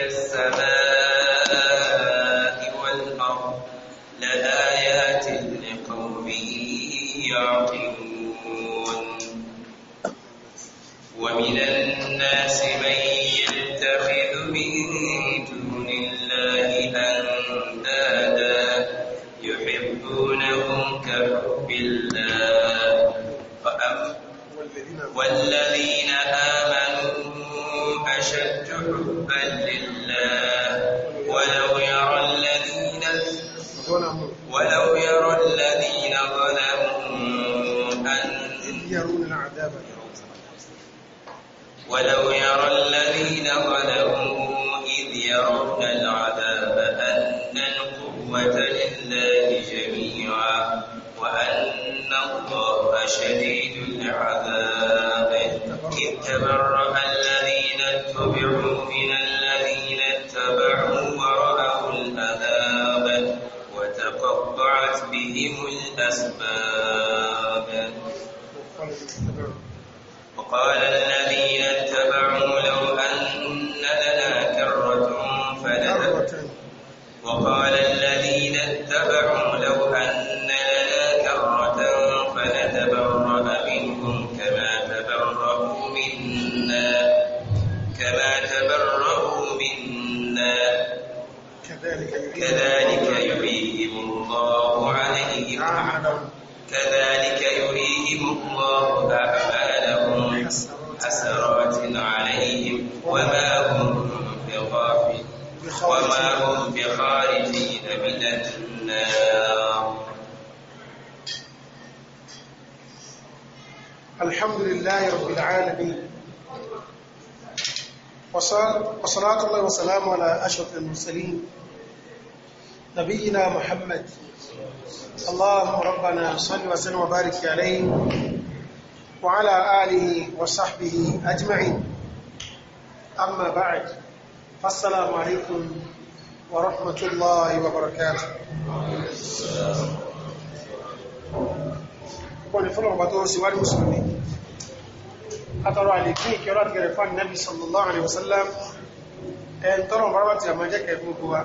والسماء كذلك يريهم الله عليهم كذلك يريهم الله أعمالهم حسرات عليهم وما هم بغافل وما هم بخارجين من النار الحمد لله رب العالمين وصلاة الله وسلامه على أشرف المرسلين نبينا محمد اللهم ربنا صل وسلم وبارك عليه وعلى آله وصحبه أجمعين أما بعد فالسلام عليكم ورحمة الله وبركاته قل فلو بدور سوى المسلمين أترى عليكم كرات غرفان النبي صلى الله عليه وسلم أن ترى مرات ما جاك يقول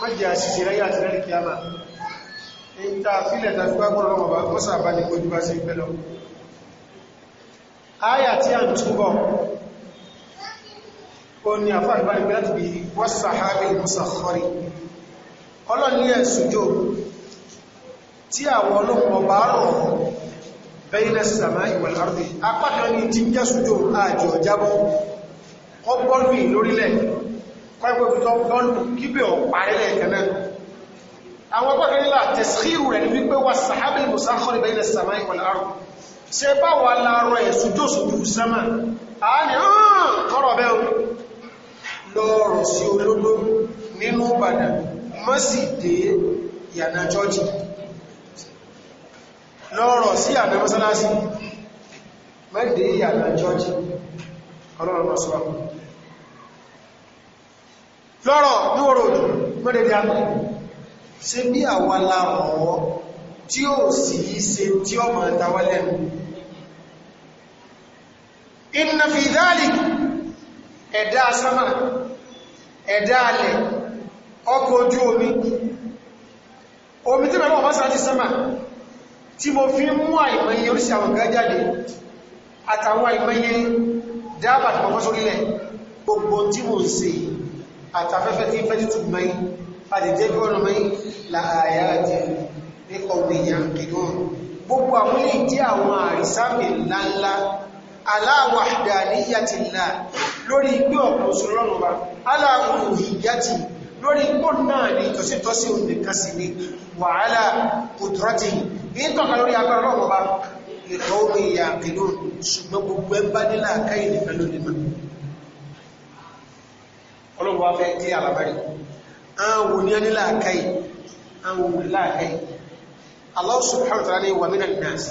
mọ́jẹ́ àṣìṣẹ́ láyé àti lẹ́rì kíyàmà èyí tá a fílẹ̀ tàbí gbágbọ́n lọ́wọ́ bá kọ́ sàbá ní ojú bá sí ìpẹ́ lọ áyà tí a ń túbọ̀ ó ní àfáàgbà ní láti bí wọ́sàhábì mọ́sàkọ́rì ọlọ́ni ẹ̀ sùjò tí àwọn olóhùn ọba rọ̀ bẹ́yìnà sàmá ìwàl ardi apákan ní tí kọ́ẹ̀kọ́ ibi tó lọ́nù kíbẹ̀ ọ̀ parí lẹ́ẹ̀kẹ́lẹ́ àwọn ọgbọ́n kan nílà tẹ̀síhìrù rẹ̀ ní wípé wà sàhábìlì musakhir bayna samai wal ard ṣe bá wà láàárọ̀ ẹ̀ sùjó sùjú sẹ́mà á ní ọ̀rọ̀ bẹ́ẹ̀ lọ́rọ̀ sí olódó nínú Ìbàdàn mọ́ sì jọ́jì lọ́rọ̀ sí àmì mọ́sálásí mọ́ dé jọ́jì ọlọ́rọ̀ mọ́sálásí lọ́rọ̀ níwòrò òjò mẹ́rẹ̀ ní àmà ṣe bí àwa la ọ̀wọ́ tí ó sì yí ṣe tí ó mọ̀ tàwa lẹ́nu inna fi dhalik ẹ̀dá sánmà ẹ̀dá alẹ̀ ọkọ̀ ojú omi omi tí mẹ́rọ ọ̀fásà ti sánmà tí mo fi mú àìmọye oríṣi àwọn gájáde àtàwọn àìmọye dáàbà tó kọ́kọ́ sórílẹ̀ gbogbo tí mo ń ṣe àtàfẹ́fẹ́ tí fẹ́jìtù mẹ́yìn àdìjẹ́bí ọ̀nà mẹ́yìn láàáyá àti nípa òmìnira kìdún gbogbo àwọn ilé jẹ́ àwọn àrísàmì ńláńlá aláwàdà níyàtìlá lórí pé ọ̀pọ̀ òṣùrọ̀nà wa aláwọ̀ òhìyàtì lórí pọ̀ náà ní ìtọ́sítọ́sí ọlọ́run wá fẹ́ kí àlàbárí àwọn òní ẹni láàkáì àwọn òní láàkáì Allah subhanahu wa ta'ala ní wa minan nas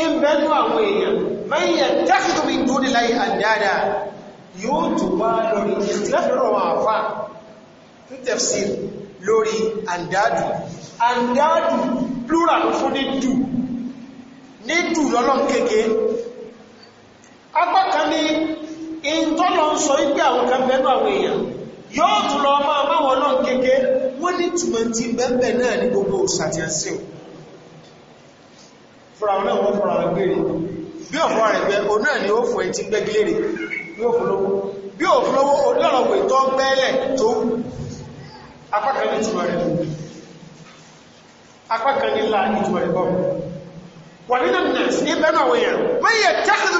in bẹ́nu àwọn èèyàn man yattakhidhu min dunillahi andada yóò tó wá lórí ìtìlẹ́fẹ̀rọ àwọn àfá ní tafsir plural fún ní dù ní dù lọ́lọ́ kéèké apá kan ní ìntọ́lọ ń sọ wípé àwọn kan bẹ́nu àwọn èèyàn yóò tún lọ ọmọ àmáwọn ọlọ́run kéèké wọ́n ní túnmọ̀ tí bẹ́ẹ̀bẹ̀ náà ní gbogbo òṣàtíyànsíò fúra náà wọ́n fúra rẹ̀ gbére bí ọ̀fọ́ rẹ̀ gbẹ́ o náà ni ó fún ẹ ti gbẹ́gilére bí òfúlówó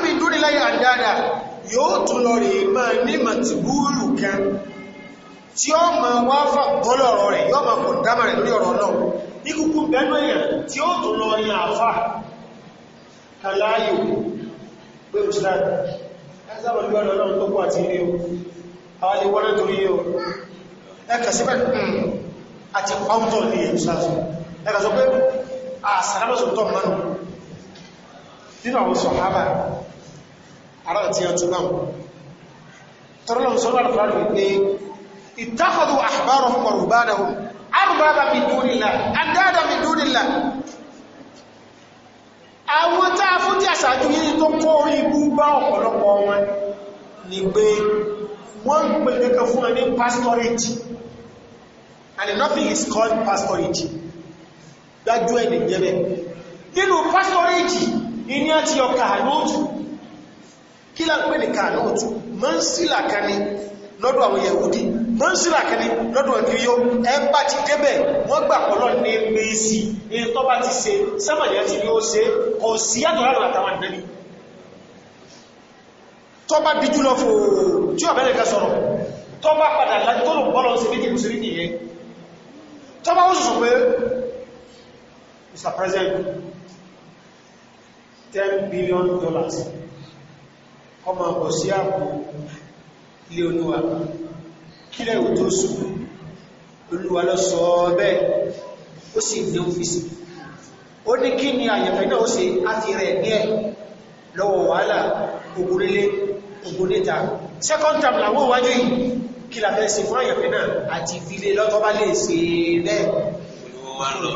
bí láyé àdáadáa yóò tún lọ rè máa ní màtìbúrù kan tí ó máa wá fà bọ́lọ̀ ọ̀rọ̀ rẹ̀ yóò máa kọ̀ dámà rẹ̀ lórí ọ̀rọ̀ náà ní kúkú bẹ́nu èèyàn tí ó tún lọ rí àfà kàláyò pé òṣìṣẹ́ ẹgbẹ̀rún lọ́rọ̀ lọ́rọ̀ tó kú àti ilé o àwọn ilé wọ́n nítorí o ẹkà síbẹ̀ hmm, àti pọ́ntọ̀ ní ìrùsáàtù ẹkà sọ pé ah, àṣàrábọ̀sọ̀tọ̀ mọ́nù nínú àwọn sọ̀hábà ara àti àtúbà tọ́rọlọ́n sọ́rọ̀ alfààdù wípé ìtàkàdù àbárọ̀ mọ̀rùbádàwò àrùbábà mi dúnilà àdáadà mi dúnilà àwọn táa fún tí àṣàjú yìí tó kó orí ibú bá ọ̀pọ̀lọpọ̀ wọn ni pé wọ́n ń pè kẹ́kẹ́ ẹni pastorage and nothing is called pastorage dájú ẹni jẹ́bẹ̀ nínú pastorage ìní àti ọkà lóòtù kí lá pè ní kànúùtù mọ́nsílà kan ní lọ́dọ̀ àwọn yẹ̀wùdí mọ́nsílà kan ní lọ́dọ̀ ìgbìyó ẹgbà ti débẹ̀ wọ́n gbà pọ̀lọ́ ní mẹ́sì ní tọ́ bá ti ṣe sẹ́mọ̀lẹ́ ti ní ó ṣe kò sí yàtọ̀ láàrín àtàwọn ìdẹ́ni tọ́ bá bí jùlọ Mr. President 10 billion dollars ọmọ ọ̀pọ̀ sí àpò ilé olúwa kílẹ̀ ò tó sùn olúwa lọ sọ bẹ́ẹ̀ ó sì ní ọ́fíìsì ó ní kí ni àyẹ̀fẹ́ náà ó ṣe àti rẹ̀ ní ẹ̀ lọ́wọ́ wàhálà ogunlélé ogunléta second term làwọ́ wájú kí la fẹ́ ṣe fún àyẹ̀fẹ́ náà àti ìfilé lọ́tọ́ bá lè ṣe bẹ́ẹ̀ olúwa lọ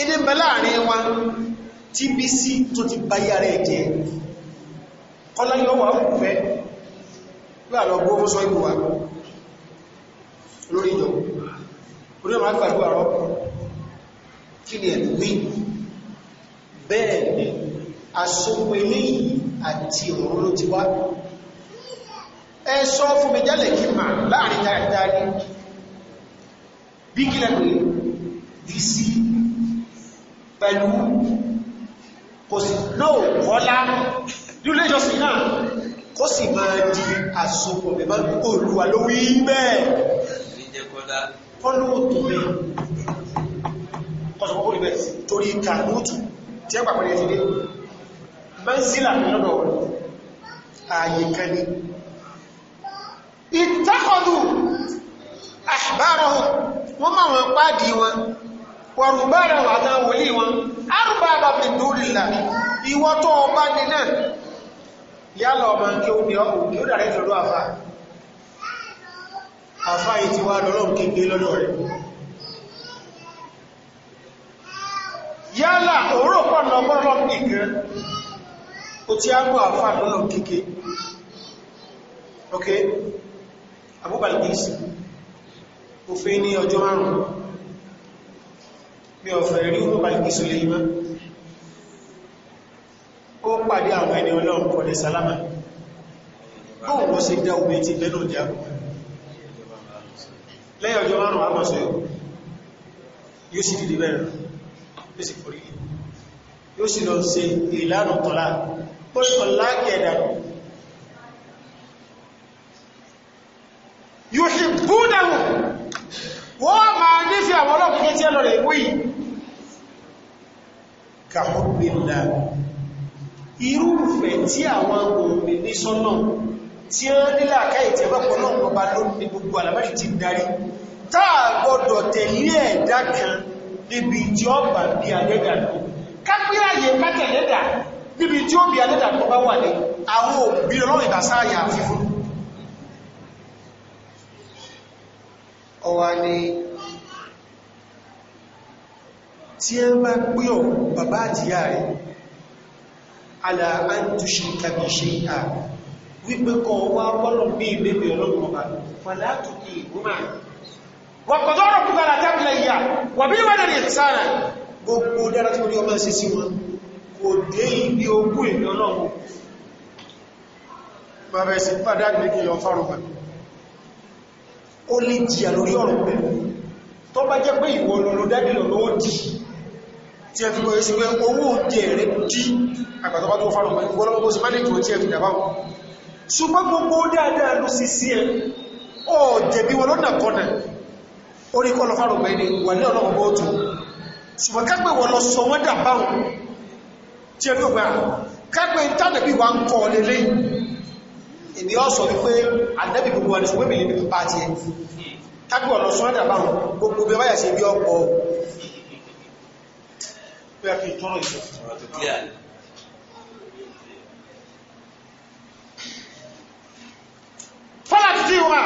ilé ń bẹ láàrin wa tbc tó ti báyà rẹ̀ jẹ́ kọ́lá yóò wà ó fẹ́ láàrọ̀ ọgbọ́ ó sọ ìbò wa lórí ìjọ orí ọmọ agbàgbà rọ kí ni ẹ̀dù wí bẹ́ẹ̀ ni àsopọ̀ eléyìí àti òun ló ti wá ẹ sọ fún mi jálẹ̀ kí mà láàrin dáadáa ní bí kí lẹ́gbẹ̀ẹ́ dc pẹ̀lú kò sí náà wọ́lá nílé ìjọsìn náà kó sì máa di àsopọ̀ mẹ́má olúwa ló wí bẹ́ẹ̀ kọ́lóòtò rẹ̀ kọ́sọ̀kọ́ kó rí bẹ́ẹ̀ torí kàlóòtù tí ẹ pàpàdé ti dé mẹ́sílà lọ́dọ̀ ààyè kan ní ìtàkọ̀dù àbárọ̀ wọ́n máa wọn pàdé wọn wà àtàwọn wòlí wọn arúbára fi dúrìlà ìwọ́ tó ọba ní náà yálọ ọmọ kí ó ní ọkùn kí ó dàrẹ́ ìtọ́lú àfá àfá yìí ti wá lọ́lọ́run kí lọ́dọ̀ rẹ̀ yálà òórò pọ̀ ó ti á gbọ́ àfá ok òfin mi ọ̀fẹ́ rí ọmọ ìgbìsù lè mọ́ ó pàdé àwọn ẹni ọlọ́run kọ̀dẹ̀ sálámà bóò wọ́n ṣe dá omi ti bẹ́nà jẹ́ lẹ́yìn ọjọ́ márùn-ún àmọ́sọ̀ yóò sì dìdì bẹ́ẹ̀ yóò sì forí yóò sì lọ ṣe ìlànà tọ́lá pọ́lítọ̀ láàkì ẹ̀dà yóò sì búdàwò wọ́n máa nífẹ̀ẹ́ àwọn ọlọ́pẹ̀ẹ́ tí ẹ lọ rẹ̀ wíyìí kàhùnmìnà irúfẹ́ tí àwọn òmìnì ní sọ́nà tí ó nílà káyì tí ẹgbẹ́ pọ̀lọ́ ọba ló ní gbogbo alamari ti darí táà gbọdọ̀ tẹ̀lé ẹ̀dá kan níbi tí ó bà bí alẹ́dà lọ kápíráyè mẹ́tẹ̀lẹ́dà níbi tí ó bí alẹ́dà lọ bá wà ní àwọn òbí ọlọ́rìn tí ẹ bá pé ọ̀ bàbá àtìyà rẹ̀ ala an tushika bi shay'a wípé kọ wá wọ́lọ̀ bí ìbébè ọlọ́run ọba fàlátù kí ìgbúmà wọ̀kọ̀dọ́ ọ̀rọ̀ púpọ̀ àtàbílẹ̀ ìyà wà bí wọ́n dẹ̀rẹ̀ sára gbogbo dára tí ó rí ọmọ sí sí wọn kò dé ibi ogún ìlú ọlọ́run bàbá ẹ̀sìn pàdé àgbẹ̀kì lọ fárùgbà ó lè jìyà lórí ọ̀rọ̀ pẹ̀lú tó bá jẹ́ pé ìwọ lọ́lọ́dádìlọ́ lọ́wọ́ dì tí ẹ fi bọ́ sí pé owó oúnjẹ rẹ̀ dí àgbàtọ́bá tó fara mọ́ ìgbọ́lọ́wọ́ bó sì má lè tó tí ẹ fi dàbáwọn ṣùgbọ́n gbogbo dáadáa ló sì sí ẹ ọ jẹ̀bi wọn lọ́nà kọ́nà orí kọ́ lọ fara mọ́ ẹni wà ní ọlọ́wọ́ bó ṣùgbọ́n kápẹ́ wọn lọ sọ wọ́n dàbáwọn wọn lọ pé kí n tọrọ ìṣọ ọ̀rọ̀ tó clear ni. fọlá ti dín wa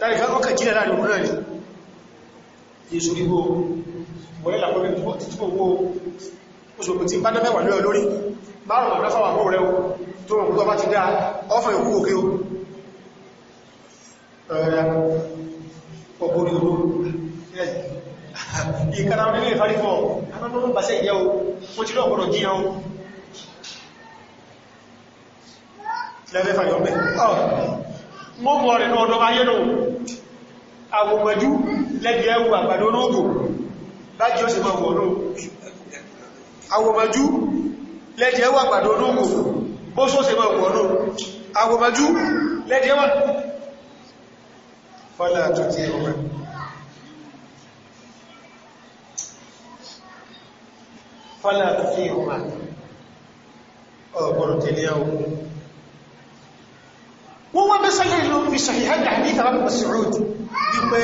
láì ká ọkà jílẹ̀ láàrin òun náà ni yéṣu rí wo wọ́n yẹ́ làkọ́lẹ̀ títí owó oṣù tí bá dábẹ́wà lọ́yọ̀ lórí márùn-ún àdáfàwà mọ́ rẹ̀ tó rùn tó bá ti dá ọfẹ́ òkú òkè o ọgbọ̀n ìlú ìkàrà orílẹ̀ ìfarífọ́ anábọ́n bá sẹ́ ìyẹ́ o mo ti lọ́gbọ̀rọ̀ jíyàn o lẹ́fẹ́ fàyọ́mẹ́ mọ́ mọ́ rẹ̀ náà ọdọ́ ayé náà àwòmọ̀jú lẹ́gbẹ̀ẹ́ ẹwù àgbàdo lóògùn bájí ó sì máa wọ̀ lóò àwòmọ̀jú lẹ́gbẹ̀ẹ́ ẹwù àgbàdo lóògùn bó só sì máa wọ̀ lóò àwòmọ̀jú lẹ́gbẹ̀ẹ́ wà fọ́lá o ẹ̀wọ̀n fọ́lá àtúfí ìhùnmà ọ̀gbọ̀n tẹ̀lé ọ̀hún wọ́n wọ́n bẹ́ sáyẹ̀ ìlú fi ṣàhìhádà ní ìtàbí Mas'ud wípé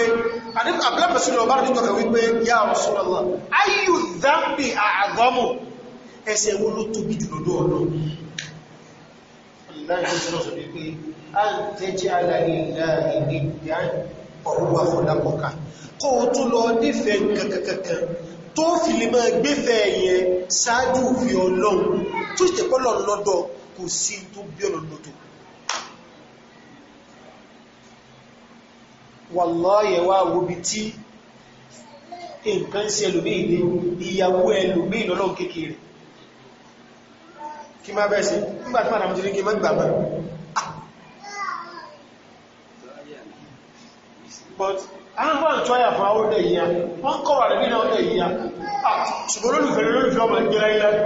àbúlábàsílò ọba rẹ̀ tọ́ka wípé yá Rasulullah ayyu dhanbi a'zamu ẹsẹ̀ wo ló tóbi jù lọ́dọ̀ ọ̀nà láìpẹ́ tó fi lè máa gbéfẹ́ yẹn ṣáájú fi ọlọ́run tó ìtẹ̀ pọ́lọ̀ lọ́dọ̀ kò sí tó bí ọ̀nà lọ́dọ̀ wàlọ́yẹ̀ wá wóbi tí nǹkan sí ẹlòmí ìdí ìyàwó ẹlòmí ìlọ́lọ́ kékeré kí máa bẹ́ẹ̀ sí nígbàtí máa dàmójú ní kí máa gbàgbà ah! but an bá ń tọ́ yà fún àwọn ọdẹ yìí ya wọ́n kọ́ wà lẹ́bí náà ọdẹ yìí ya ah, ṣùgbọ́n olólùfẹ́ olólùfẹ́ ọmọ ìgbé láyé láyé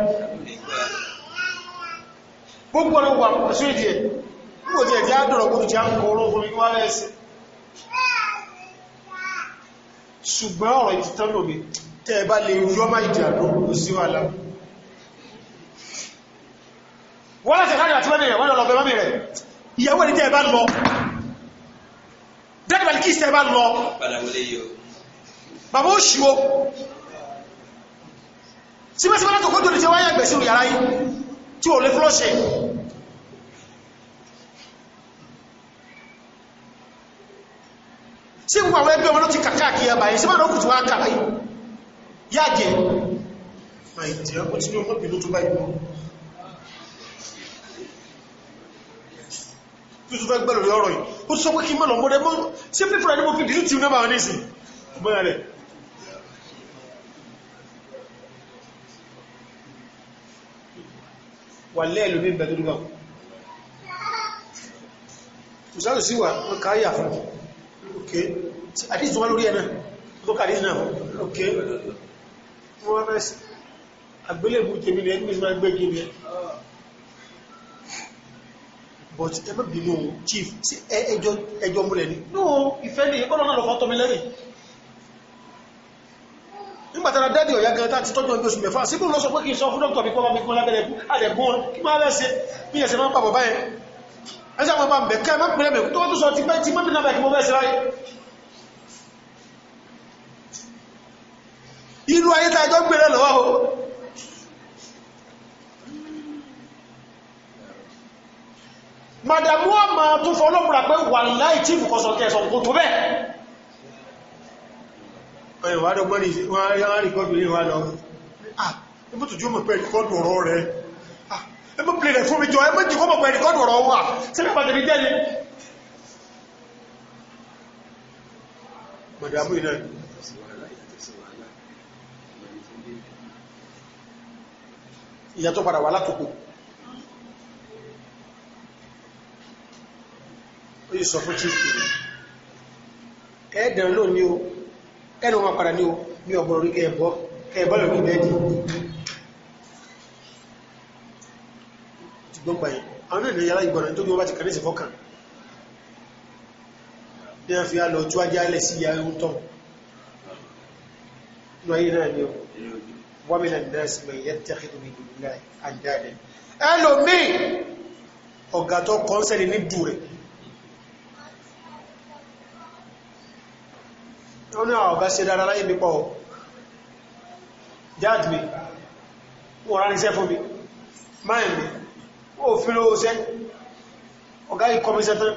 gbogbo ọdún wà pọ̀ sí ìdí ẹ̀ nígbò tí ẹ̀dí àdọ̀rọ̀ gbogbo tí a ń kọ oró fún wá lẹ́sí ṣùgbọ́n ọ̀rọ̀ ìtìtàn lòmí tẹ́ ẹ bá lè rí ọmọ ìdí àdọ̀ kò sí wà láwọn wọ́n láti káàdì àti mẹ́mì rẹ̀ wọ́n lọ bẹ rẹ̀ ìyàwó ẹni tẹ́ ẹ bá lọ dẹ́dì Balkis tẹ́ bá lọ bàbá ó ṣíwó síbẹ̀síbẹ̀ látò kó jòlè tí wáyé ẹgbẹ̀ sínú yàrá yìí tí ò lè flush sí gbogbo àwọn ẹgbẹ́ ọmọ ló ti kàkàkì ẹbà yìí síbẹ̀ lókùtù wá kàkàkì yáàgẹ̀ tó sọ fẹ́ gbẹ́lẹ̀ ọ̀rọ̀ yìí ó sọ pé kí mọ́ lọ́mọdé mọ́ sí pípọ̀ ẹni mọ́ fi dìlítì ní máa ní sí bọ́yà rẹ̀ wà lẹ́ẹ̀lú ní ìbẹ̀lú gbà ìsáàlù sí wà wọ́n ok àdíjì tó wá lórí ẹ̀nà tó kà àdíjì ok wọ́n fẹ́ àgbélébù jẹ́mi ní ẹni mi máa gbé jẹ́mi but ẹ má bínú chief sí ẹjọ́ ẹjọ́ múlẹ̀ ni. no ìfẹ́ ni ìkọ́nà náà lọ́kọ́ tọ́mi lẹ́yìn nígbà tára dádì ọ̀yá gan tá ti tọ́jú ẹgbẹ́ oṣù mẹ́fà síbùn lọ sọ pé kí n sọ fún dókítà mi kọ́ bá mi gún lábẹ́lẹ́ kú àdẹ̀gún kí máa lẹ́sẹ̀ bí ẹ̀sẹ̀ máa ń pàbọ̀ báyẹn ẹ̀sẹ̀ àwọn ọba mẹ́ ká máa pèlè mẹ́ tó wọ́n tó sọ ti pẹ́ ti mọ́mí náà kí mo bẹ́ẹ̀ sí láyé ìlú ayé tá ẹjọ́ gbére lọ́wọ́ màdàmú ọmọ tó fọ́ lọ́pùra pé wà láì tí ìfùkọsọ̀ kẹsọ̀ kò tó bẹ́ẹ̀ ẹ̀wàdọ̀gbọ́n ni wọ́n rí kọ́dù ní wà lọ ah ibùtù jú mọ̀ pé rìkọ́dù ọ̀rọ̀ rẹ̀ ah ẹgbẹ́ pìlẹ̀ rẹ̀ fún mi jọ ẹgbẹ́ jùkọ́ mọ̀ pé rìkọ́dù ọ̀rọ̀ wà sẹ́fẹ́ pàtàkì jẹ́lẹ̀ màdàmú ìnà ìyàtọ̀ padà wà látòkò ó sọ fún chief kìí ẹ̀ẹ́dàn ló o ẹnu wọn padà ní o ní ọgbọ̀n orí kẹ́ẹ̀bọ́ kẹ́ẹ̀bọ́ lọ ní bẹ́ẹ̀dì ti gbọ́gbà yìí àwọn ènìyàn yàrá ìgbọ̀nà tó bí wọ́n bá ti kàrí sí fọ́kàn ní a fi á lọ tú ajá lẹ̀ sí ìyá ẹ̀hún tán ní ayé náà ni o wọ́n mi nà ní náà sí mọ̀ ìyẹ́ tẹ́ kí tóbi ìlú náà àjáde ẹlòmíì ọ̀gá tó kọ́ńsẹ̀lì ní dù rẹ̀ náà ọ̀bá ṣe dára láyé mi pọ̀ jáàdì mi wọ́n rán iṣẹ́ fún mi máìn mi ó fi lówó iṣẹ́ ọ̀gá ikọ̀ mi sẹ́tán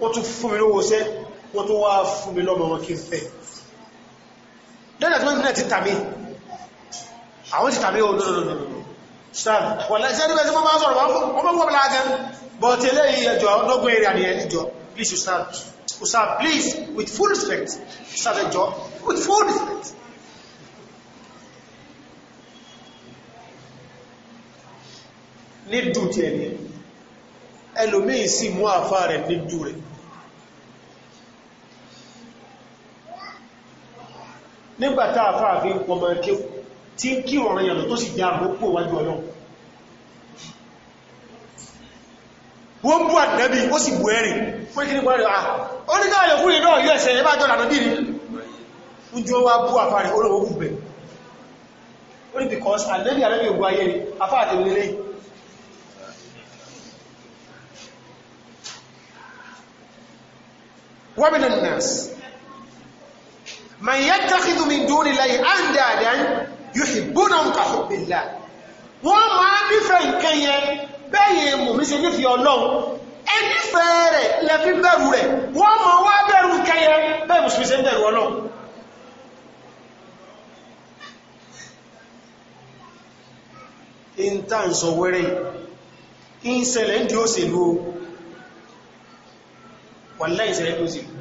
wọ́n tún fún mi lówó iṣẹ́ wọ́n tún wá fún mi lọ́mọ wọn kí n fẹ́ lẹ́nà tí wọ́n ti náà ti tàmí àwọn ti tàmí ohun lọ́nà ṣáàbì wọ́n lẹ́sẹ̀ níbẹ̀ tí wọ́n bá sọ̀rọ̀ wọ́n bá wọ́n bá lágẹ́ bọ́ọ̀tí eléyìí ẹjọ́ lọ́gbọ̀n èrè please you start to serve, please, with full respect, serve a job with full respect. ní dùn tí ẹni ẹlòmíì sì mú àfá rẹ̀ ní dùn rẹ̀ nígbàtá àfá àfi pọmọ ẹkẹ́ tí kí ọ̀rọ̀ yàtọ̀ tó sì jẹ́ àmókò wájú ọlọ́pù wọ́n bú ànábì ó sì bú ẹ̀rìn fún ìkíní pọ̀lẹ̀ à ah, ó ní káàlẹ̀ kúrò náà yóò ẹ̀sẹ̀ ẹbá jọ lànà bìí ojú wá bú àfàrí olówó bú bẹ̀ ó because ànábì ànábì ògbó ayé ni afá àti ilé wọ́bìnà nurse man yattakhidhu min dunillahi andadan yuhibbunahum ka hubbillah wọ́n máa bẹ́yìn mùmí ṣe nífi ọlọ́run ẹnífẹ́ rẹ̀ lẹ́fí bẹ̀rù rẹ̀ wọ́n mọ̀ wá bẹ̀rù kẹyẹ bẹ́ẹ̀ mùsùlùmí ṣe ń bẹ̀rù ọlọ́run in ta n sọ wẹ́rẹ́ in ṣẹlẹ̀ ń di ó sì lú wàlá ìṣẹ̀lẹ̀ tó sì lú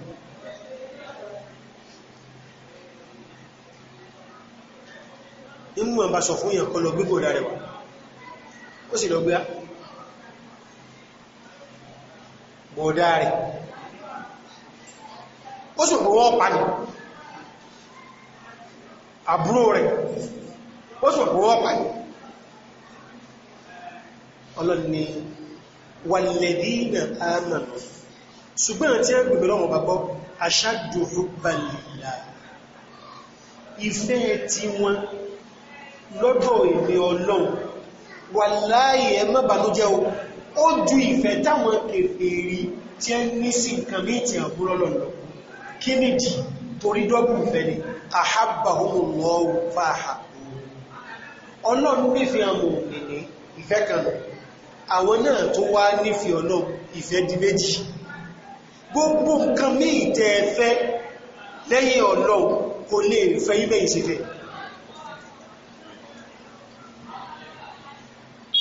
inú ẹ̀bá sọ fún ìyẹ̀kọ́ lọ gbígbò rẹ̀ wà ó sì lọ gbé ọ̀dá rẹ̀ ó sì pòwọ́ pàdé àbúrò rẹ̀ ó sì pòwọ́ pàdé ọlọ́ni wàlẹ̀dínà àmàlù ṣùgbọ́n tí ẹ gbẹ̀gbẹ̀ lọ́wọ́ bàbọ́ aṣáájú rúbàlìlà ìfẹ́ tí wọ́n lọ́dọ̀ ìrìn ọlọ́run wà láàyè ohun ó ju ìfẹ́ táwọn kèfèrí tí ẹ ní sí nǹkan bí ìtì àbúrọ́lọ̀ lọ kí nìdí torí dọ́bù ìfẹ́ ni ahabbahumullahu fahabbu ọlọ́run nífẹ̀ẹ́ àwọn òmìnì ìfẹ́ kan àwọn náà tó wá nífẹ̀ẹ́ ọlọ́run ìfẹ́ di méjì gbogbo nǹkan mí ìtẹ́ ẹfẹ́ lẹ́yìn ọlọ́run kò lè fẹ́ ibẹ̀ ìṣẹ́fẹ́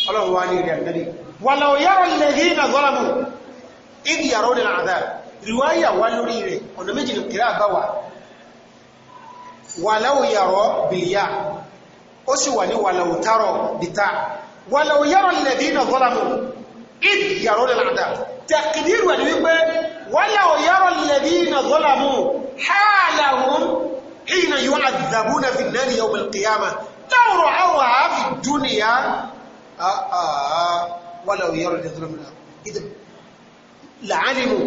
ọlọ́run wá ní ìrìn àtẹ́lẹ̀ wàlọ̀ yàrá lẹ́rí na zọ́lámù ìdí yàrá ní àdá ríwáyà wá lórí rẹ̀ ọ̀nà méjì ní kìrá àbáwà wàlọ̀ yàrá bìlíyà ó sì wà ní wàlọ̀ tààrọ̀ bìtà wàlọ̀ yàrá lẹ́rí na zọ́lámù ìdí yàrá ní àdá tẹ̀kìdírù wà ní wípé wàlọ̀ yàrá lẹ́rí na zọ́lámù hálàhùn حين يعذبون في النار يوم القيامة لو في الدنيا آآ ولو يرد ظلم إذا لعلموا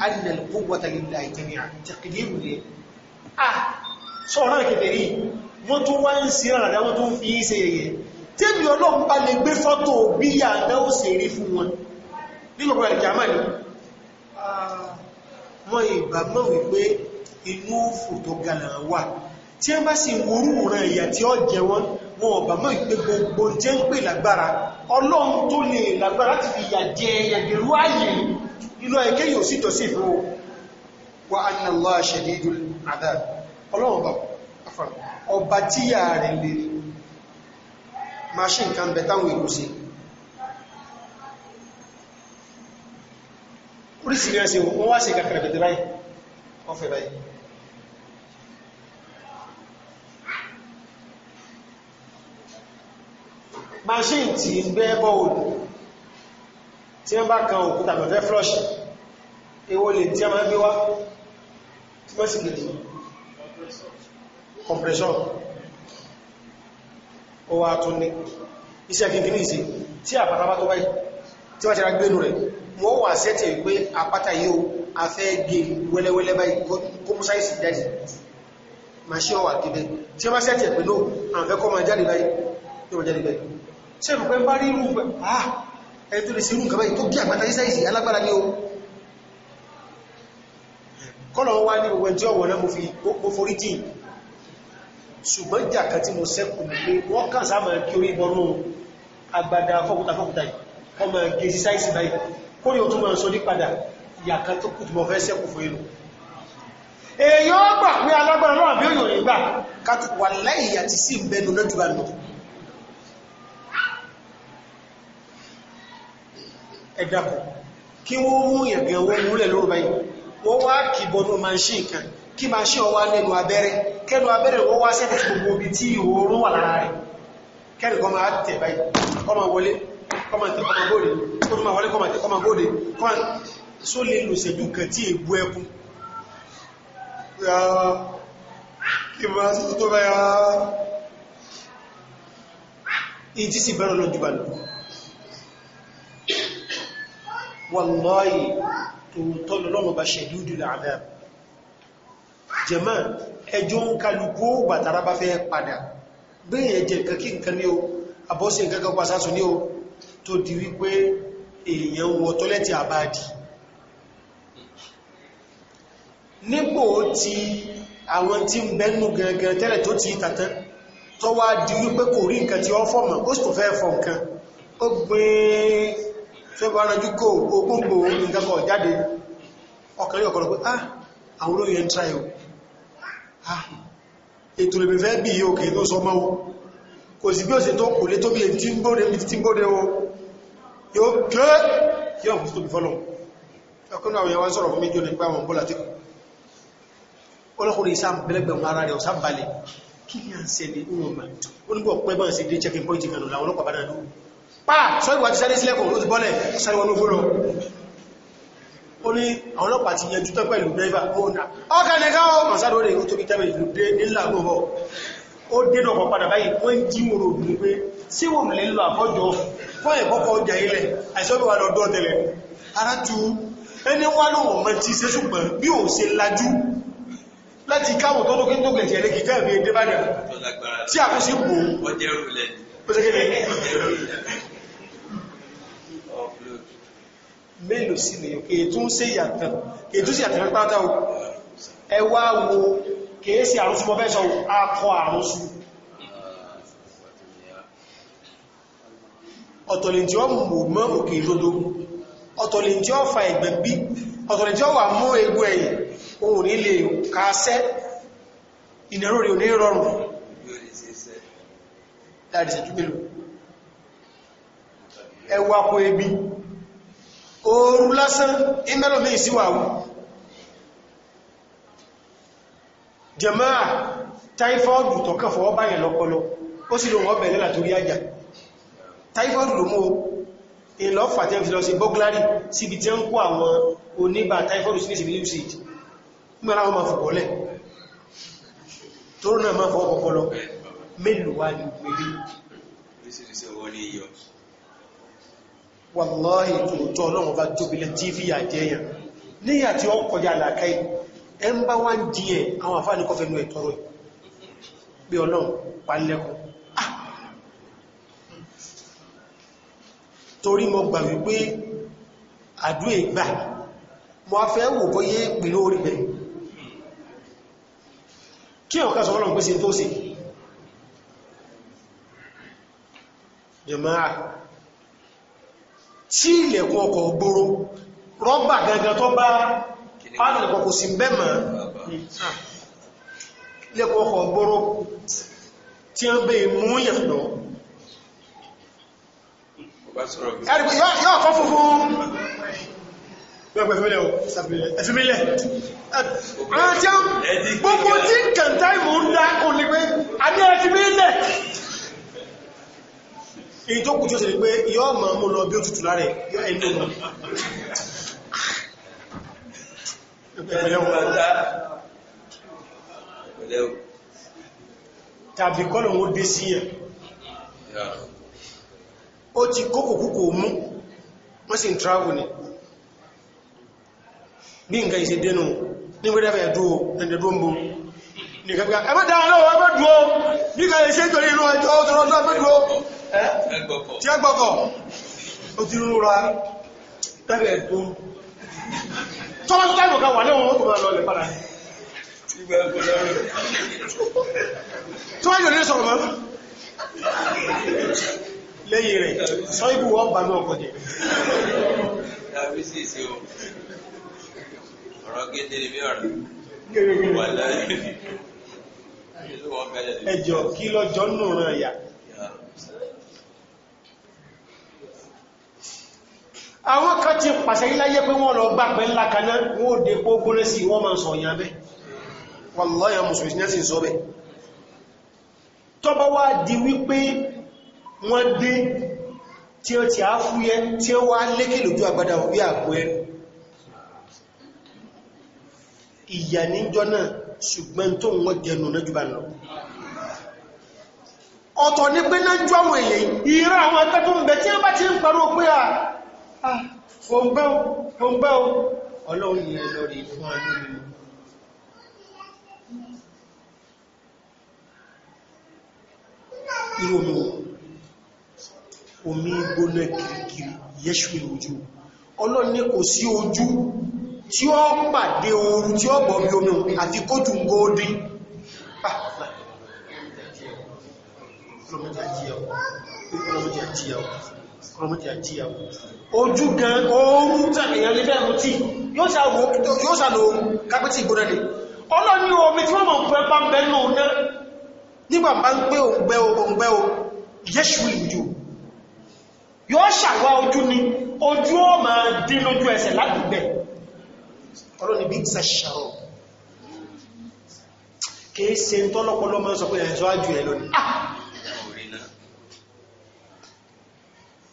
أن القوة لله جميعا تقدير لي آه sọ́rọ̀ kèfèrí wọ́n tún wá ń sí rárá wọ́n tún fi ṣe yẹ̀yẹ̀ tẹ́bí ọlọ́run bá lè gbé fọ́tò bí i àdá ó sì rí fún wọn ní gbogbo ẹ̀kẹ́ àmà ní wọ́n ìgbà mọ́ wípé inú fòtò gànà wà tí wọ́n bá sì wúrú rẹ̀ ìyà tí ó jẹ wọ́n wọn ọ̀bà mọ́ ìpé gbogbo jẹ́ ń pè lágbára ọlọ́run tó lè lágbára ti fi yàjẹ́ yàjẹ̀rú ààyè inú ẹ̀kẹ́ yóò sí jọ sí ìfúró wa rẹ̀ sí wọ́n wá sí kàkàrẹ̀ bẹ̀tẹ̀ báyìí wọ́n báyìí machine tí ń gbẹ́ bọ́ọ̀lù tí wọ́n bá kan òkúta bẹ̀fẹ́ flush èwo lè tí a máa gbé wá tí wọ́n sì gbèrè compression ó wá tún ní iṣẹ́ kìkì ní ìsìn tí àpáta bá tó báyìí tí wọ́n ti ra gbénu rẹ̀ wọ́n wà sẹ́tì pé àpáta yìí ó a fẹ́ wẹ́lẹ́wẹ́lẹ́ báyìí kó mú sáyẹ̀sì jáde ṣe rò pé ń bá rí irú pẹ̀ ah ẹ̀ tó lè ṣe irú nǹkan báyìí tó bí àgbàtà ìsáìsì alágbára ní o kọ́lọ̀ wá ní gbogbo ẹjọ́ wọ̀nà mo forí jìn ṣùgbọ́n jà kan tí mo sẹ́kù nílé wọ́n kàn sáàmà kí orí bọnú agbada fọ́kúta fọ́kúta yìí ọmọ ẹgbẹ́ ìsáìsì báyìí kó ní o tún mọ̀ sọ ní padà ìyà kan tó kù tí mo fẹ́ sẹ́kù fún ìlú èèyàn gbà pé alágbára náà bí òyìnbá wà ẹ̀dàpọ̀ kí wọ́n mú ẹ̀gẹ̀ owó múlẹ̀ lórí báyìí wọ́n wá kìbọnú machine kan kí machine ọwá lẹ́nu abẹ́rẹ́ kẹ́nu abẹ́rẹ́ wọ́n wá sẹ́fẹ̀ gbogbo ibi tí ìhòòrùn wà lára rẹ̀ kẹ́nu kọ́ máa tẹ̀ báyìí ọmọ wọlé kọ́mọ tẹ̀ kọ́mọ bóde kọ́mọ máa wọlé kọ́mọ tẹ̀ kọ́mọ bóde kọ́mọ só lè lò sẹ́jú kan tí èbu ẹkún kí máa sọ tó báyà ìtí sì bẹ́rẹ̀ lọ́jú bàlù wallahi tòótọ́ lọ́nà bá ṣe dúdú láàdáb jẹ́mọ́ ẹjọ́ ń kálukú bàtàrà bá fẹ́ padà bẹ́yẹn jẹ́ kankí nkan ní o abọ́sí nkankan pàṣásù ní o tó di wípé èèyàn wọ tọ́lẹ́tì àbáàdì nípò ti àwọn tí ń bẹ́nu gẹ̀ẹ́gẹ̀ẹ́ tẹ́lẹ̀ tó ti tàtán tó di wípé kò rí nkan tí ó fọ́mọ̀ ó sì tó fẹ́ fọ́ nkan ó gbé tí ó bá ránjú kó ogún gbò nǹkan kan jáde ah àwọn olóyìn ẹn ah ètò lèmi fẹ́ bí yóò kìí tó sọ mọ́ kò sí bí ó ṣe tó kò lé tó bí èyí tí ń bóde bí tí ń bóde o yóò ké yóò fún tóbi fọ́lọ̀ ọkùnrin àwọn yẹn sọ̀rọ̀ fún méjì nípa àwọn bọ́lá tí ọlọ́kùnrin sáà bẹ́lẹ́gbẹ̀rún ni à ń ṣẹlẹ̀ ń wọ̀n mà ó nígbà pẹ́ bá ń ṣe dé checking point kan lọ pa sọ ìwà ti sáré sílẹ̀ kọ̀ọ̀lọ́ ti bọ́lẹ̀ sáré wọn lófó lọ ó ní àwọn ọlọ́pàá ti yẹn jútọ́ pẹ̀lú dẹ́fà ọ̀nà ọkà nẹ́gá ọ masáró rẹ̀ tó bí tẹ́bẹ̀ ìlú dé nílà gbọ́bọ̀ ó dé dọ̀kọ̀ padà báyìí wọ́n ń jí wòrò òdùn pé sí wọ́n lè lọ àbọ́jọ fún ẹ̀kọ́kọ́ ọjà ilẹ̀ àìsọ́bí wa lọ́dọ́ tẹ̀lẹ̀ ara tu ẹni wá lóhùn ọmọ tí ṣe ṣùgbọ́n bí òun ṣe lajú láti káwọ̀ tó lókè tó gẹ̀ẹ́sì ẹ̀lẹ́kì fẹ́ẹ̀ bí ẹdẹ bá tí àkóso bò ó mélòó sí lè ètún sí ìyàtàn ètún sí ìyàtàn pátá o ẹwà wo kèésì àrùn súnmọ́ bẹ́ẹ̀ sọ akọ àrùn sún ọ̀tọ̀lẹ̀ntí ọ mọ̀ mọ́ òkè ìlódó ọ̀tọ̀lẹ̀ntí ọ fa ẹ̀gbẹ̀ bí ọ̀tọ̀lẹ̀ntí ọ wà mọ́ egbò ẹ̀yìn ohun nílé ooru lásán ìmẹ́lòmí ìsíwàwó jẹmáà táífọ́ọ̀dù tọ̀kàn fọwọ́ báyẹ̀ lọ́pọlọ ó sì lò wọ́n bẹ̀rẹ̀ látorí àjà táífọ́ọ̀dù ló mú ìlọ́ fàtẹ́ fi lọ sí bọ́glárì síbi tí ó ń kó àwọn oníbà táífọ́ọ̀dù sí ìsìnkú usage mẹ́ra wọn ma fọ̀pọ̀lẹ̀ tó náà ma fọwọ́ pọ̀pọ̀lọ mélòó wá ní gbèrè wàláhì tòótọ́ ọlọ́run bá jóbilẹ̀ tí fi yà jẹ́ yàn níyà tí ó kọjá àlàkáì ẹ ń bá wá ń di ẹ̀ àwọn àfáàní kọfẹ́ nú ẹ̀tọ́rọ̀ ẹ̀ pé ọlọ́run palẹ́kùn ah! torí mo gbà wípé àdúrà ìgbà mo a fẹ́ wò bọ́ yé pìlú orí bẹ̀ kí ọ̀ká sọ ọlọ́run pèsè tó sì jẹ̀máà tí ilẹ̀kùn ọkọ̀ gbòrò rọ́gbà gangan tó bá pàdé ọkọ̀ kò sí bẹ́mọ̀ ilẹ̀kùn ọkọ̀ gbòrò tí wọ́n bẹ́ mú yẹ̀fùdọ̀ yọ́ ọkọ̀ funfun gbẹ̀gbẹ̀fẹ́lẹ̀ ẹ̀fẹ́mílẹ̀ gbogbo tí kẹntaimu ń dá kò ní pé a ní ẹ̀fẹ́mílẹ̀ èyí tó kù tí ó ṣẹlẹ̀ pé yọ́ ma mú lọ bí ó tutù lárẹ̀ yọ́ ẹni lọ tàbí kọ́lọ̀ ó dé sí yẹn ó ti kókò kúkò mú wọ́n sì ń travel ni bí nǹkan ìṣe dénú ní wọ́n dúó ẹ̀dẹ̀dúó ń bó nìkan ẹgbẹ́ dáa lọ́wọ́ ẹgbẹ́ dúó bí kàlẹ̀ ṣe ń ẹjọ́ ọ̀tọ̀rọ̀ ọ̀tọ̀ ẹgbẹ́ dúó tí ẹ gbọ́kọ̀ ó ti rúra tẹ́lẹ̀ tó tọ́lá tó táìmù ká wà ní ọmọ lọ lẹ̀ padà tó wáyé ní sọ̀rọ̀ mọ́ lẹ́yìn rẹ̀ sọ ibù wọ́n bá náà kọjẹ̀ ọ̀rọ̀ ẹjọ́ kí lọ́jọ́ nù ràn yà àwọn kan ti pàṣẹ iláyé pé wọ́n lọ gbà pẹ́ ńlá kaná wọ́n dé pó gúnlẹ̀ sí wọ́n ma sọ ìyàn bẹ́ wàláyà mùsùlùmí ní ẹ̀sìn sọ bẹ́ tọ́bọ́ wá di wípé wọ́n dé tí ó ti àáfúyẹ́ tí ó wá lékè lójú àgbádà wí àpò ẹ ìyà níjọ́ náà ṣùgbọ́n tó wọ́n jẹnu náà jùbà lọ ọ̀tọ̀ ní pé náà jọ àwọn èèyàn ìrà àwọn akẹ́tọ́ ń bẹ tí wọ́n bá ti ń parọ́ pé à òǹgbẹ́ ah, òǹgbẹ́ ọlọ́run yẹn lọ rí fún ọdún nínú irú omi omi gbóná kìrìkìrì yẹ́ṣù ìlújú ọlọ́run ní kò sí ojú tí ó pàdé oorun tí ó bọ̀ bí omi àti kóòtù ń góódé pàpàá ọlọ́mọdé àjíyàwó ojú gan oòrùn tàbíyàn lè bẹ́ẹ̀mù tí yóò sàlò kápẹ́tì ìgbóná lè ọlọ́ni omi tí wọ́n mọ̀ pẹ́ bá ń bẹ́ náà ná nígbà bá ń pé òǹgbẹ́ òǹgbẹ́ o yẹ́ṣù ìjò yóò ṣàwá ojú ni ojú ó máa dín lójú ẹsẹ̀ lágbègbè ọlọ́ni bí sàṣàrọ̀ kìí ṣe ń tọ́lọ́pọ̀lọ́ mọ́ sọ pé ẹ̀ṣọ́ àjù ẹ̀ lónìí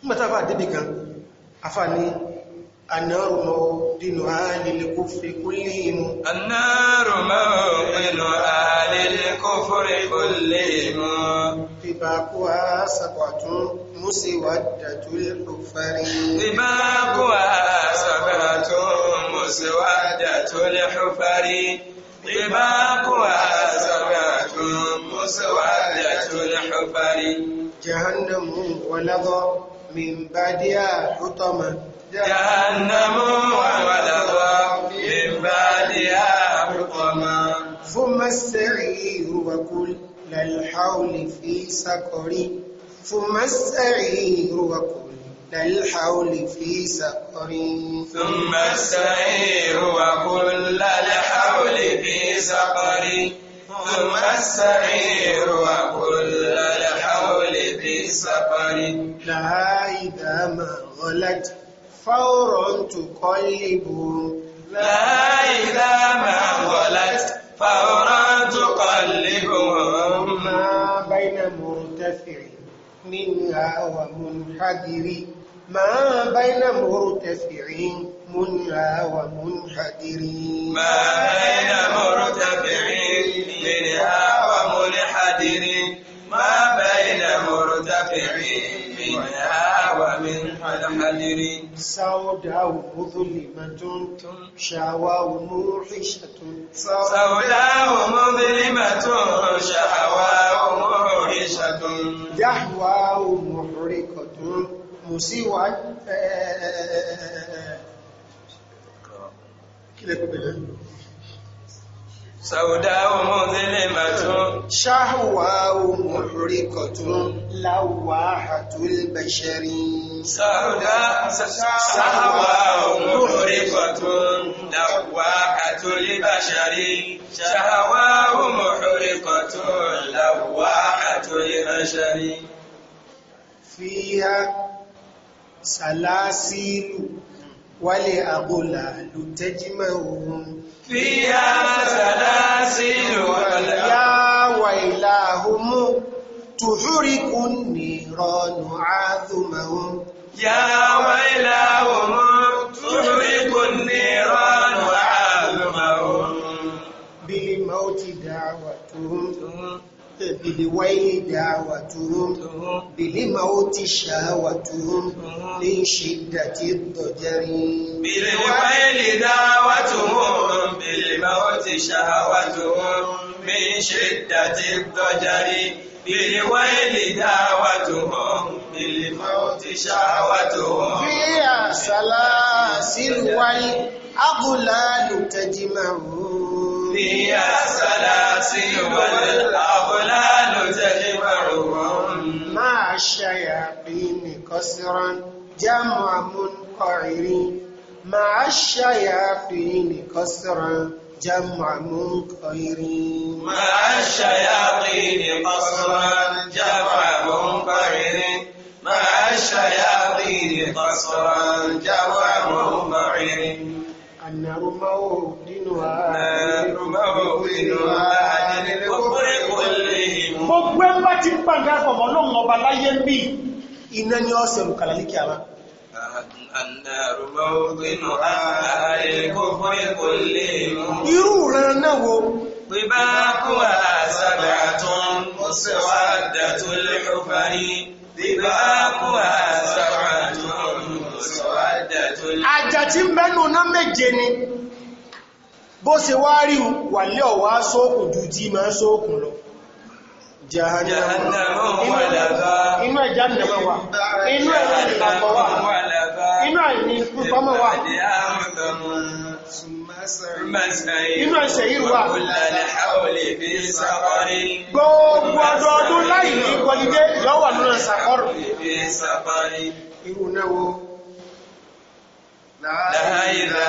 mọ́tàfà débì kan afá ní anáàrù mọ́ dínú àálìlẹ́kó fẹ́ kó lè inú anáàrù mọ́ dínú àálìlẹ́kó fẹ́ kó lè inú bíbákú àásàkọ̀tún músí wà dàjú lẹ́kọ̀fẹ́rí bíbákú àásàkọ̀tún músí wà dàjú lẹ́kọ̀fẹ́rí bíbákú من بعدها حطما جهنم وغلظا من بعدها حطما ثم السعير وكل الحول في سكر ثم السعير وكل الحول في سكر ثم السعير وكل الحول في سكر ثم السعير وكل سفر لها إذا ما غلت فور تقلب لها إذا ما غلت فور تقلبهم ما بين مرتفع منها ومنحدر ما بين مرتفع منها ومنحدر ما بين مرتفع الحجر سوداء مظلمة شهوة موحشة سوداء مظلمة شهوة موحشة يهوى محرقة مسيوة سوداء مظلمة شهوة محرقة لواحة البشرين سوداء سهوى محرقة لواحة للبشر شهوى محرقة لواحة للبشر فيها سلاسل ولأغلال تجمعهم فيها سلاسل يا ويلاهم تحرق النيران عاذمهم يا ويلاهم تدرك النيران عالمهم بالموت دعوتهم بالويل دعوتهم بالموت شهوتهم من شدة الضجر بالويل دعوتهم بالموت شهوتهم من شدة الضجر بالويل دعوتهم للموت شهوتهم فيها سلاسل والأغلال تجمع فيها سلاسل والأغلال تجمعهم مع الشياطين كسرا جمع منقعر مع الشياطين كسرا جمع منقعر مع الشياطين قصرا جمع منقعر مع الشياطين قصرا جمع مرمع النار موطنها النار موطنها للكفر كلهم gbogbo ẹ bá ti ń pàdé àpọ̀mọ́ ló ń ọba láyé النار موطنها للكفر كلهم irú rẹ̀ náà wo. bíbá kú àṣàbẹ̀ والسوادة الحفر ذبابها سبعة والسوادة àjà tí ni bó ṣe wá rí ọ̀wá sókùn jù tí máa sókùn lọ inú ẹ̀já nìyàmọ̀ inú inú wà nínú ẹsẹ̀ yìí wà gbogbo ọdọọdún láì ní gbọlidé yọ́wà nínú ṣàkọ́rù irú náwó láàáyìlá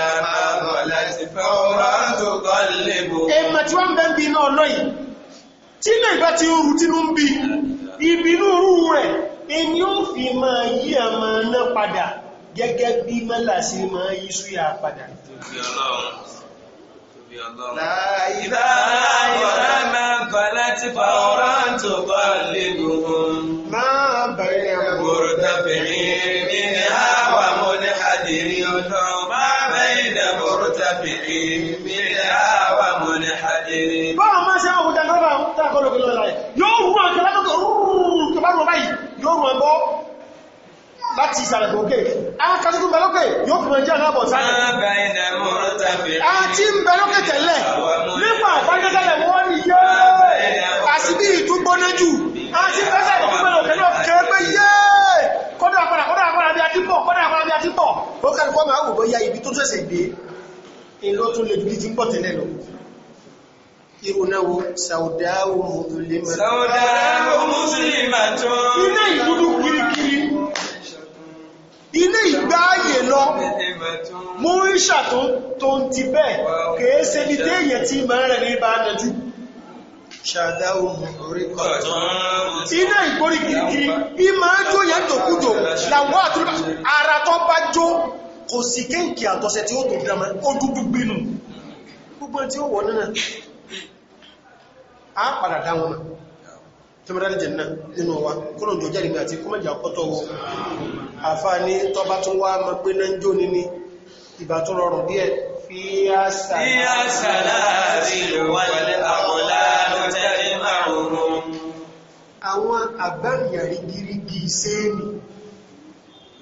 àbọ̀ láti fẹ́ ọ̀rọ̀ àtòkọ́ lébò èmà tí wọ́n bẹ́ ń bí ọ̀nà yìí tí náà gẹ́gẹ́ bí mọ́là sí máa yí súyà padà tóbi ọlọ́run tóbi ọlọ́run ìdá láti fa ọ̀rọ̀ tó bá lè máa bẹ̀rẹ̀ gbòòrò tàbẹ̀rẹ̀ ní àwà mọ́ ní àdìrí ọ̀dọ́ máa bẹ̀rẹ̀ gbòòrò tàbẹ̀rẹ̀ ní àwà mọ́ ní àdìrí. báwo máa ṣe àwọn òkúta kọ́ba àwọn òkúta kọ́lọ́kọ́lọ́ yóò rú àkàlà tó bá rú ọ báyìí yóò rú ọ bọ́ láti ìsàlẹ̀ gòkè akásí tó ń bẹ lókè yóò fi nàìjíríà náà bọ̀ sáré. àti ń bẹ lókè tẹ́lẹ̀ nípa àgbájẹ́sẹ̀lẹ̀ wọ́n ní yé àsìbí ìtúgbóná jù àti bẹ́sẹ̀ tó gbé lókè náà kéré pé yé kódà àpárá kódà àpárá bí adìpọ̀ kódà àpárá bí adìpọ̀ ó kẹ́lẹ́ kó máa wò bó ya ibi tó ṣẹ̀ṣẹ̀ gbé ìlú tún lè dúdú ti ń bọ̀ tẹ́lẹ̀ lọ. Irunawo Saudawo Musulima. Saudawo Musulima tó. Ilé ìdúdú kirikiri ilé ìgbáàyè lọ múríṣà tó ń ti bẹ́ẹ̀ kìí ṣe ní téèyàn tí màá rẹ̀ ní bá dájú. ṣàdáwò orí kọ̀ọ̀tàn. iná ìgbórí kirikiri bí máa jó yẹn jòkújò làwọn àtúrò ara tó bá jó kò sí kéǹkì àtọ̀sẹ̀ tí ó tó dámà ó dúdú gbínú gbogbo tí ó wọ̀ nínú a padà dá wọn náà tẹ́mọ̀dárí jẹ̀ náà nínú wa kúrò jọ jẹ́ ìgbà àti kọmọ̀jà ọkọ̀tọ̀ wọ àfá ní tọba tún wá mọ́ pé náà jò ní sẹ́ẹ̀mì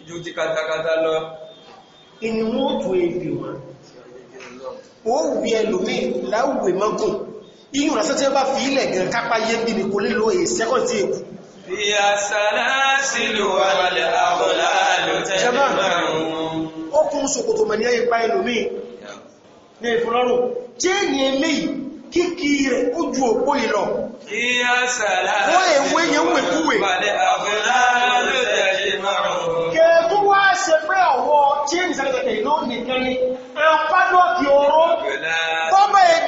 yóò ti katakata lọ inú mọ́tò èdè wọn ó wù ẹlòmí láwùwẹ̀ mọ́gùn inú rẹ̀ tí ó bá fi ilẹ̀ gan kápá yé bí ní kò lè lo èsẹ́kọ̀ tí èkú. ìyá sàlásìlò alẹ́ àwọ̀lá ló tẹ́lẹ̀ márùn-ún. ó kún ṣòkòtò mẹ́ ní ipa ẹlòmíì ní ìfúnlọ́rùn tí èyí méyì kíkí rẹ̀ ó ju òpó yìí lọ. ìyá sàlásìlò alẹ́ àwọ̀lá ló tẹ́lẹ̀ márùn-ún. kẹ́ẹ̀kú wá ṣe pé ọ̀wọ́ james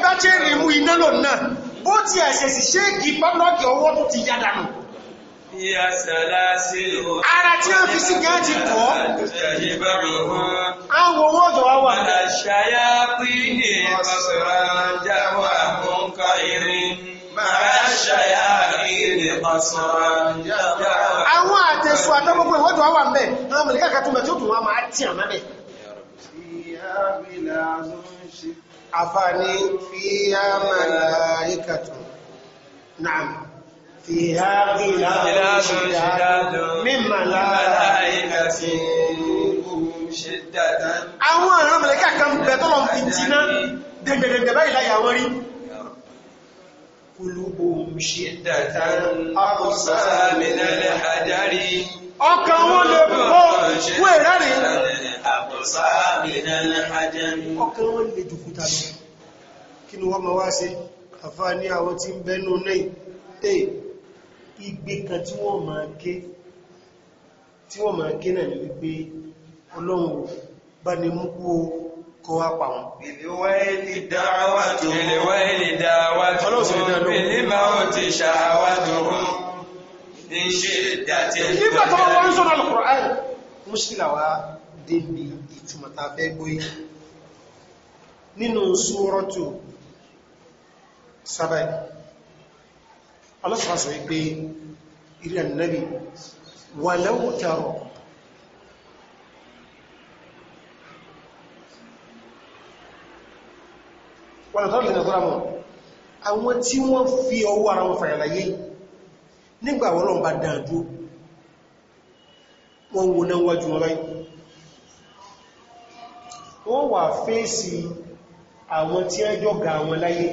bá tí èrè mú iná lò náà bó ti ẹ̀ṣẹ̀ sì ṣe kí pọ́lọ́kì ọwọ́ tó ti yá ara tí a fi sí gan ti kọ́. àwọn owó ọ̀dọ̀ wà. àwọn àtẹ̀sùn àtọ́gbogbo ìwọ́dọ̀ wà ń àwọn mẹ̀lẹ́kà tó mẹ̀ tó dùn wọn máa tì àmọ́ bẹ̀. ìyá mi làánú عفاني فيها ملائكة نعم فيها غلاب شداد من ملائكة àwọn ọ̀rọ̀ mẹ́lẹ́kà kan bẹ tọ́lọ̀ fi jiná dẹ̀gbẹ̀dẹ̀gbẹ̀ báyìí láyà wọ́n rí شدة أقصى من الحجر ọkàn wọn lè bọ́ wọ́n ìrẹ́rìn ọkàn wọn lè jùkúta lọ kí ni wọ́n ma wá sí àfáà ní àwọn tí ń bẹnu náà ẹ̀ igbe kan tí wọ́n ma gé tí wọ́n ma gé náà ní wípé ọlọ́run bá ní mú kú o kó wá pa wọn. bìlíwẹ́lì dáwà tó bìlíwẹ́lì dáwà tó bìlí máa ń ti ṣàwà tó ń ṣe Al-Qur'an mùsùlùmí wa débi ìtumọ̀ tá a fẹ́ gbóyè nínú súrọ́tù sábà ọlọ́sọ̀rọ̀ sọ wọ́n tọ́lù ìrìnà fúnra mọ̀ àwọn tí wọ́n fi ọwọ́ ara wọn fàyàlàyé nígbà wọ́n lọ́n bá dáadó wọ́n wo náà wájú wọn báyìí wọ́n wà fèsì àwọn tí ẹ jọ́gà wọn láyé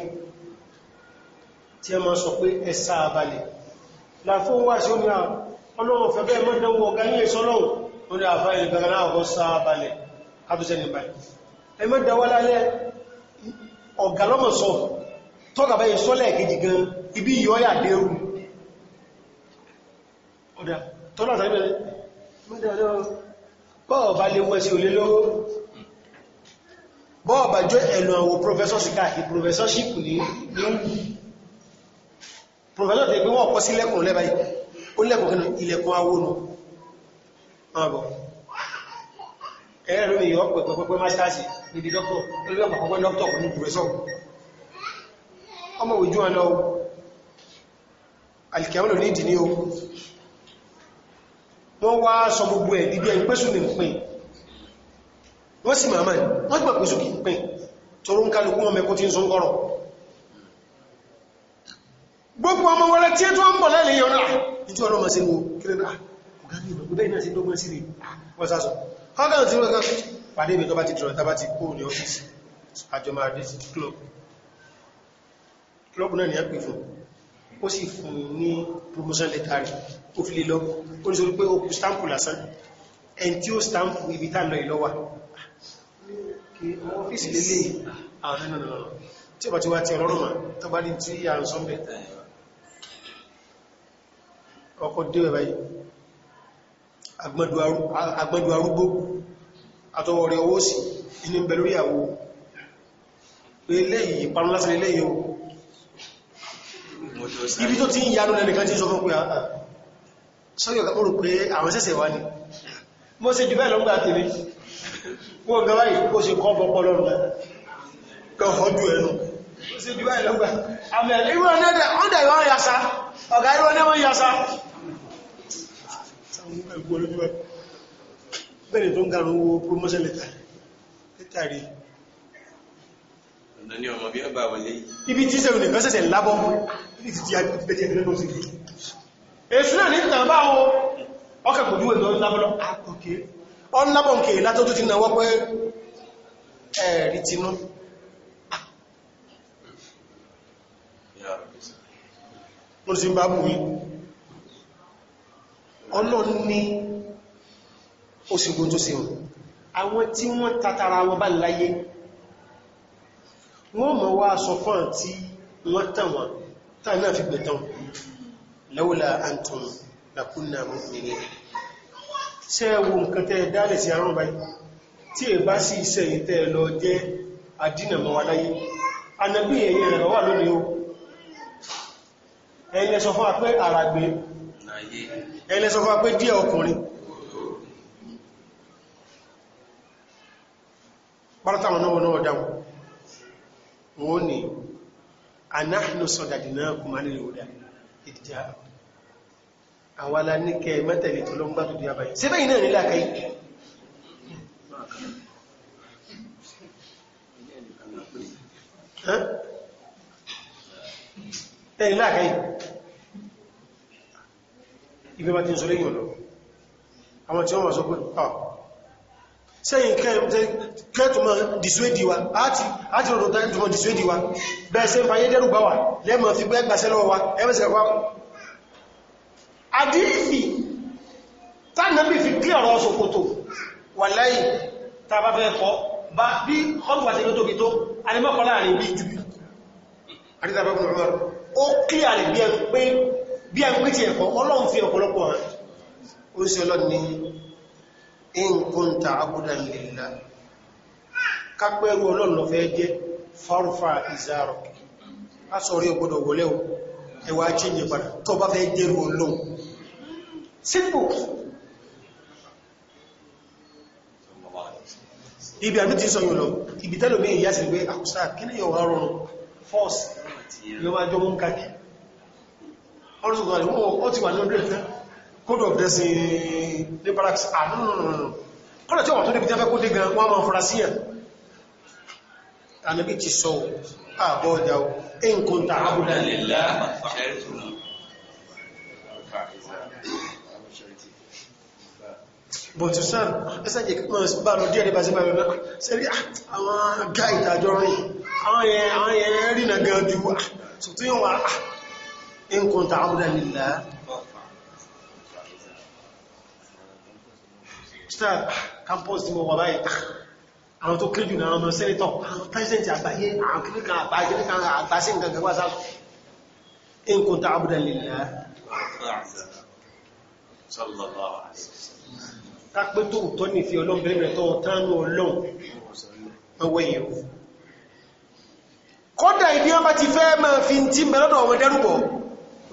tí ẹ máa sọ pé ẹsà àbálẹ̀ láfún wá sí omi ọlọ́run fẹ́ bẹ́ẹ̀ ọ̀gá lọ́mọ̀ sọ tọ́gà báyìí sọ́lẹ̀ kejì gan ibi yọ́yà dẹ́rù ọ̀dá tọ́lá tàbí bọ́ọ̀bá lè wọ́n sí olé lọ́wọ́ bọ́ọ̀bá jọ ẹ̀nà àwọn professorship professorship ní professor tẹ́ pé wọ́n kọ́ sí lẹ́kùn lẹ́bàá ó lẹ́kùn kínú ilẹ̀kùn awónù ọ̀bọ̀ ẹ̀rẹ́ lórí ìyọ́ pẹ̀pẹ̀pẹ̀ mástásì níbi dọ́kọ̀ olóògbà àkọ́kọ́ dọ́kọ̀ ní pùrẹ́sọ̀ ọmọ òjú ọ̀nà alìkẹ̀wọ̀n ní ìdí ní o wọ́n wá sọ gbogbo ẹ̀ níbi ẹ̀ pẹ́sù ní pín wọ́n sì máa mẹ́rin wọ́n gbà pẹ́sù kì í pín torú ń wọn mẹ́kún tí ń sún gọ́rọ̀ gbogbo ọmọ wọlé tí tó ń bọ̀ lẹ́lẹ̀ yọ náà ìjú ọ̀nà ọmọ sí wo kí pàdé mi tó bá ti dọ̀rọ̀ tàbá ti kó ní ọ́fíìsì àjọmọ̀ àdésì club club náà ni a pè fún ó sì fún ní promotion letter rẹ̀ ó fi lè lọ ó ní sọ pé ó kù stampu lásán ẹni tí ó stampu ibi tá lọ ìlọ́wà ọ́fíìsì lélẹ̀ àwọn ẹ̀nà tí àtọwọ̀ rẹ̀ owó sí inú ń bẹ lórí àwọ pé ìparun lásìlẹ̀ léyìí o ibi tó ti ń yanu lẹ́nìkan tí sọ fún pé àà ah, ah. sọ́yọ̀ kàkúrò pé àwọn sẹ́sẹ̀ wá ní mo ṣe jù bẹ́ẹ̀ lọ́gbà tèmi wọ́n gaba yìí kó ṣe kọ́ bọ́pọ́ yasa ọ̀gá ìwọ̀n ọ̀nẹ́wọ̀n yasa bẹ́ẹ̀ tó ń garun owó promotion letter letter ọ̀nà ní ọmọ bí ọba wọlé ibi tí sẹ́wọ̀n nìkan sẹ̀sẹ̀ lábọ́ ibi tí a ti bẹ̀tẹ̀ ẹ̀rẹ́ lọ sí èsù náà ní ìtàn bá wọn ọkà kò dúwẹ̀ lọ́n lábọ́ àkókè ọ̀n lábọ̀ nkè látọ́ tó ọlọ́ni ó sì gbogbo tó sí wọn àwọn tí wọ́n tatara wọn bá láyé wọ́n mọ̀ wá sọ fún àti wọ́n tàn wọn tàn náà fi gbẹ̀tàn lawla antum lakunna mu'minin ṣe wo nǹkan tẹ́ dálẹ̀ sí àrùn báyìí tí è bá sí iṣẹ́ ìtẹ́ lọ jẹ́ àdínàmọ́ wa láyé párátáwọn náà náà dáhùn wọ́n ni anáhùn sọ̀dàdìná kùmánilè òdà ìdíjá àwàlá ní kẹ mẹ́tẹ̀lẹ̀ tó ló ń bá tó di àbáyé síbẹ̀ iná nílá kẹ́ ẹ̀yìn láàkẹ́ ìbẹ̀bà tí ń sọ lẹ́yìn ọ̀lọ́ sẹ́yìn kẹ́tùmọ̀ dìsúédìwà àti rọ̀rọ̀ kẹ́tùmọ̀ dìsúédìwà bẹ́ẹ̀ sẹ́yìn fàyé dẹ́rù bá wà lẹ́mọ̀ fi bẹ́ẹ̀ gbàṣẹ́ lọ́wọ́ wa ẹmẹ́sẹ̀ wá àdífì tánàbí fi kí ọ̀rọ̀ ṣòkòtò wà láì tàbábẹ́ ẹ̀kọ́ bá bí ọdún àti ìǹkúntà abúdá lèlá kápẹ́rù ọlọ́lọ́ fẹ́ jẹ́ fárúfà ìzárọ̀ a sọ rí wọlé o ẹwà chíjẹ padà tó bá fẹ́ jẹ́rù ọlọ́un sípò ibi àbí ti sọyún lọ ibi tẹ́lò mí ìyá sí pé àkùsá ah, kí ní ọ̀rọ̀ wà ní ọdún ẹ̀fẹ́ code of dressing ní barracks àdúnnù ah, kọ́nà tí wọ́n tó níbi jẹ́fẹ́ kó dé gan wọ́n mọ́ fúrasíyàn ànàbí ti sọ àbọ̀ ah, ọjà o in kunta abúdá lèlá bọ̀tù sáà ẹsẹ́jẹ̀ kí wọ́n bá lọ díẹ̀ nípa sí bàbá náà sẹ́rí àwọn gáìtà àjọ rìn àwọn yẹn rìnà gan ju àtútù yíwọ̀n ah, in kunta abúdá lèlá sáà campus tí mo wà báyìí àwọn tó kéré jù náà ọmọ sẹ́rẹ̀tọ̀ àwọn president àgbáyé àwọn kìlíkan àgbáyé kìlíkan àgbáṣe nǹkan kan wá sáà in kun ta abu dalila kápẹ́ tó tọ́ ní fi ọlọ́run bẹ̀rẹ̀ tó tánú ọlọ́run ọwọ́ èèyàn kódà ìbí ọmọ ti fẹ́ máa fi tí mẹ́lọ́dọ̀ ọmọ dẹ́rùbọ̀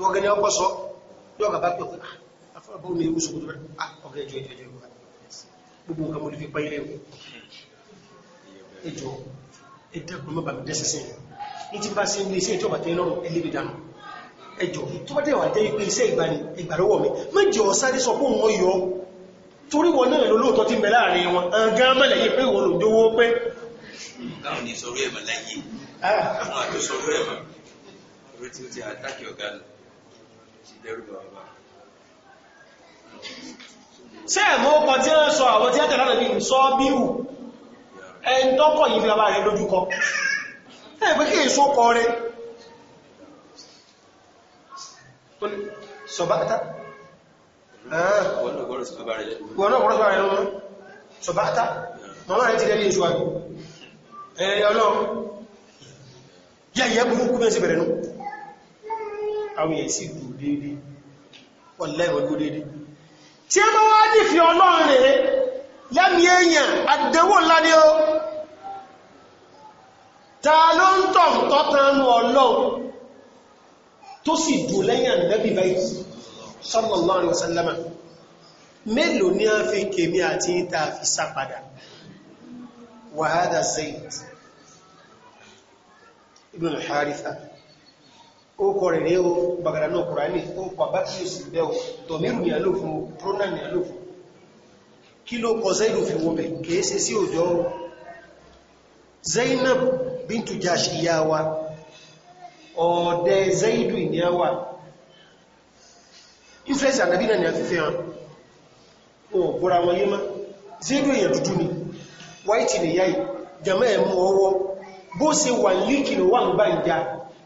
wọ́n gẹ̀rẹ̀ ọkọ̀ sọ yọ́gà bá pẹ̀lú afọ́lọ́bọ̀ ní ìwúsùn gbogbo nǹkan mo lè fi pa ilé o ẹjọ́ ẹ̀dẹ́kùn mọ́ bàbí dẹ́sẹsìn ní tí bá sí ilé iṣẹ́ ìjọba tẹ́ lọ́rùn ẹlẹ́bì dànù ẹjọ́ tó bá dẹ̀wà jẹ́ ipé iṣẹ́ ìgbàni ìgbàlọ́wọ́ mi mẹ́jọ sáré sọ fún wọn yọ torí wọn náà lólóòtọ́ ti mẹ́ láàrin wọn ọgán mẹ́lẹ̀ yìí pé wọn lò dówó pé báwọn ní sọ̀rọ̀ ẹ̀mọ̀ láyé ah. àwọn àti sọ̀rọ̀ ẹ̀mọ̀ orí tí ó ti ṣe ẹ̀mọ́ ọkọ̀ tí ó sọ àwọn tí ó tẹ̀lá nàbí sọ bírù ẹn tọ́kọ̀ yìí fi bàbá rẹ̀ lójúkọ ẹgbẹ́ kí èso kọ rẹ̀ sọ̀bátá wọ́n náà kọ́rọ̀sọ̀bá rẹ̀ lọ́wọ́ sọ̀bátá mọ́mọ́ rẹ̀ ti rẹ̀ ní èso àgbò ẹ̀yẹ ọlọ́run yẹ́yẹ́ burúkú mẹ́sì bẹ̀rẹ̀ nú àwọn èsì dúdéédé wọ́n lẹ́wọ̀ dúdéédé tí a bá wá nífi ọlọ́run rẹ̀ lẹ́mí èèyàn àdẹ̀wò ńlá ni ó ta ló ń tọ̀ tọ́tanú ọlọ́run tó sì dùn lẹ́yìn ànábì báyìí sallallahu alaihi wasallam mélòó ní a fi kèmí àti ìta fi sá wàhádà zayd ibn al ó kọ rẹ̀ rẹ̀ o bàgàdà náà kọ̀rọ̀ ní ó kọ àbátíyò sí bẹ́ o tọ̀mírù yà ló fún pronoun yà ló fún kí ló kọ Zaidu fi wọ́n bẹ̀ kìí sí òjò Zainab bintu Jash ìyá wa ọ̀dẹ Zaidu ìníyà wa influence ànàbí náà ni a fi fẹ́ hàn o bọ́ra wọn yé má Zaidu èèyàn dúdú ni white ni yáì jàmẹ́ ẹ̀mú ọwọ́ bó ṣe wà líkì ló wà ń bá ń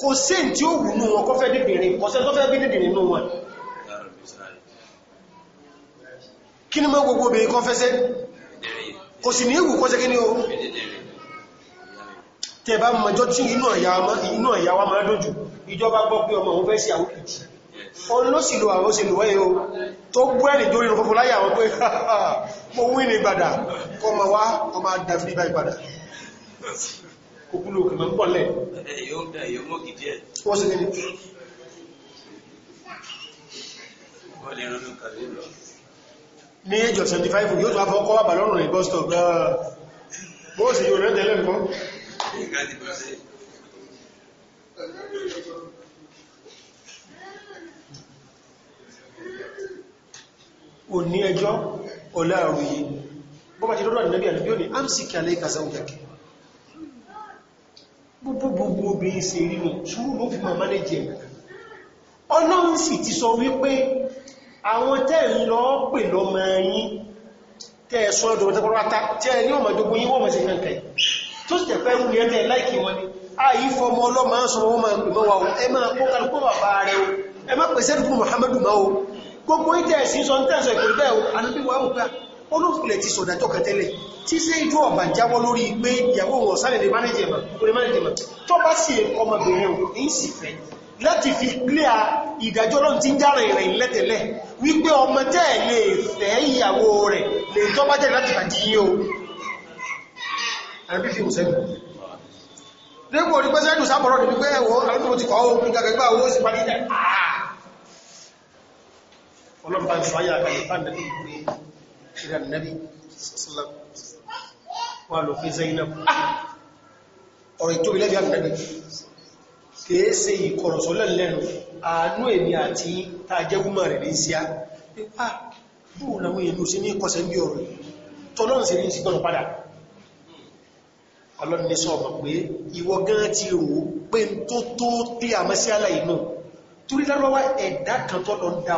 kò sí tí ó wù nú wọn kọ́ fẹ́ dìbìnrin kò sẹ́ tó fẹ́ bí dìbìnrin nú wọn kí ni mọ́ gbogbo obìnrin kan fẹ́sẹ́ kò sì ní ìwù kọ́ sẹ́kí ní o tẹ́ bá mọjọ́ tí inú àyà wa máa dójú ìjọba gbọ́ pé ọmọ òun fẹ́ sí àwọn ìjì ọdún ló sì lo àwọn òṣèlú ẹ̀yọ tó gbọ́ ẹ̀rì dórí ìrùn láyé àwọn pé mo wí ní ìbàdà kọ́ ma wá kọ́ ma dàfídì bá ìbàdà kòkúlò kìmọ̀ ń pọ̀lẹ̀ wọ́n sì ní ní ẹjọ́ 75 yóò tó afọ́kọ́ wà bàlọ́rùn rẹ̀ bọ́stọ̀ gbáà bóò sì yóò rẹ̀ tẹ́lẹ̀ nǹkan ò ní ẹjọ́ ọ̀lá àrùyí bọ́bá ti lọ́rọ̀ àdínẹ́bí gbogbo gbogbo obìnrin ṣe rí nù ṣúrù ló fi máa mánéjì ẹ̀nà ọlọ́run sì ti sọ wípé àwọn tẹ́ ń lọ pè lọ máa yín tẹ́ ẹ sọ́dọ̀ tẹ́kọ́rọ́ta tẹ́ ẹ ní ọmọ ìjọba yín wọ́n máa ṣe kankan tó sì tẹ̀pẹ́ ń wúyẹ́ tẹ́ láìkí wọn ni àyí fọmọ ọlọ́mọ sọ wọ́n máa pè mọ́wàá ẹ máa kó kálukú bàbá rẹ o ẹ má pèsè dùkú Muhammadu máa o gbogbo ìtẹ̀sí sọ ń tẹ̀sọ̀ ìpínlẹ̀ o àdúgbò àwọn olóòfilẹ̀ ti sọ̀dájọ́ kẹtẹ́lẹ̀ tí ṣe ìjú ọ̀bà jábọ́ lórí pé ìyàwó wọn sáré lè mánéjì ẹ̀mà orí mánéjì ẹ̀mà tó bá sì ọmọbìnrin ọ̀hún ní sì fẹ́ láti fi clear ìdájọ́ náà ti ń jára ìrìn lẹ́tẹ̀lẹ̀ wípé ọmọ tẹ́ ẹ̀ lè fẹ́ ìyàwó rẹ̀ lè tọ́ bá jẹ́ láti bàjí yín o àbí fi òsẹ́nu dẹ́gbò orí pẹ́sẹ́ ẹ̀dùn sábọ̀rọ̀ ní wípé ẹ̀wọ̀ àwọn tó ti kọ́ ọ́ ní gàgẹ́gbà owó sì parí ìjà ìrìn ànàbí sallallahu wà ló fi Zainab ah! ọ̀rọ̀ ìtò ilẹ̀ ìyá ànàbí kìí ṣe ìkọ̀rọ̀sọ́lẹ̀ lẹ́nu àánú èmi àti tàjẹ́gúnmọ̀ rẹ̀ ní sí á pípá bóò làwọn èèyàn sí ní ìkọsẹ̀ bí ọ̀rọ̀ tọ́lọ́n sí ní sígbọ́n padà ọlọ́ni sọ ọmọ pé ìwọ gan ti rò pé n tó tó pé àmọ́ sí aláì náà torí lárọ́wá ẹ̀dá kan tọ́lọ́ ń dá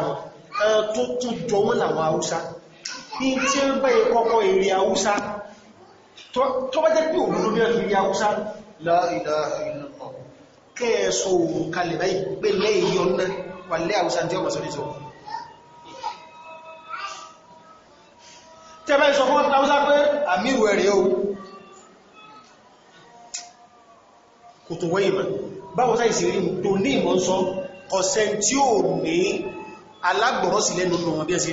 tó tún jọ wọn làwọn haúsá in tí ń bẹ́ ìkọkọ èrè àwúsá tó bá jẹ́ pé òun ló bí ọ̀fẹ́ èrè àwúsá kẹ́ẹ̀sọ òun kalẹ̀ báyìí pé lẹ́yìn ọ̀nà wà lẹ́ àwúsá tí ọmọ sọ́dí sọ tẹ́bẹ́ sọ fún àwúsá pé àmìrù ẹ̀rẹ́ o kò tó wẹ́ ìmọ̀ báwo sáì sí rí tó ní ìmọ̀ sọ ọ̀sẹ̀ tí ò ní alágbọ̀rọ̀sílẹ̀ lónà wọn bí ẹ sí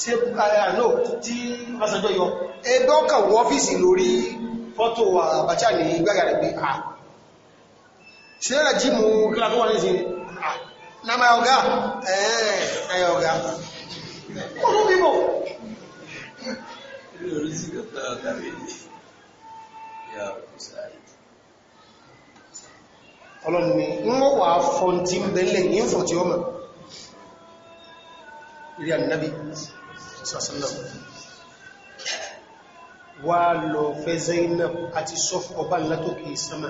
ṣe eh, àánú eh, tí ọbasanjọ́ yọ ẹgbẹ́ ọkà wọ ọ́fíìsì lórí fọ́tò Abacha ní gbága rẹ̀ pé à ṣe rẹ̀ jí mú kílá tó wà ní ìsìn na my ọ̀gá ẹ̀ẹ́ ọ̀gá ọdún bíbò ọlọ́run ni wọ́n wà fọ́ntí ń bẹ̀lẹ̀ sallam wà lọ fẹ́ Zainab àti sọ́f ọba látòkè sánmà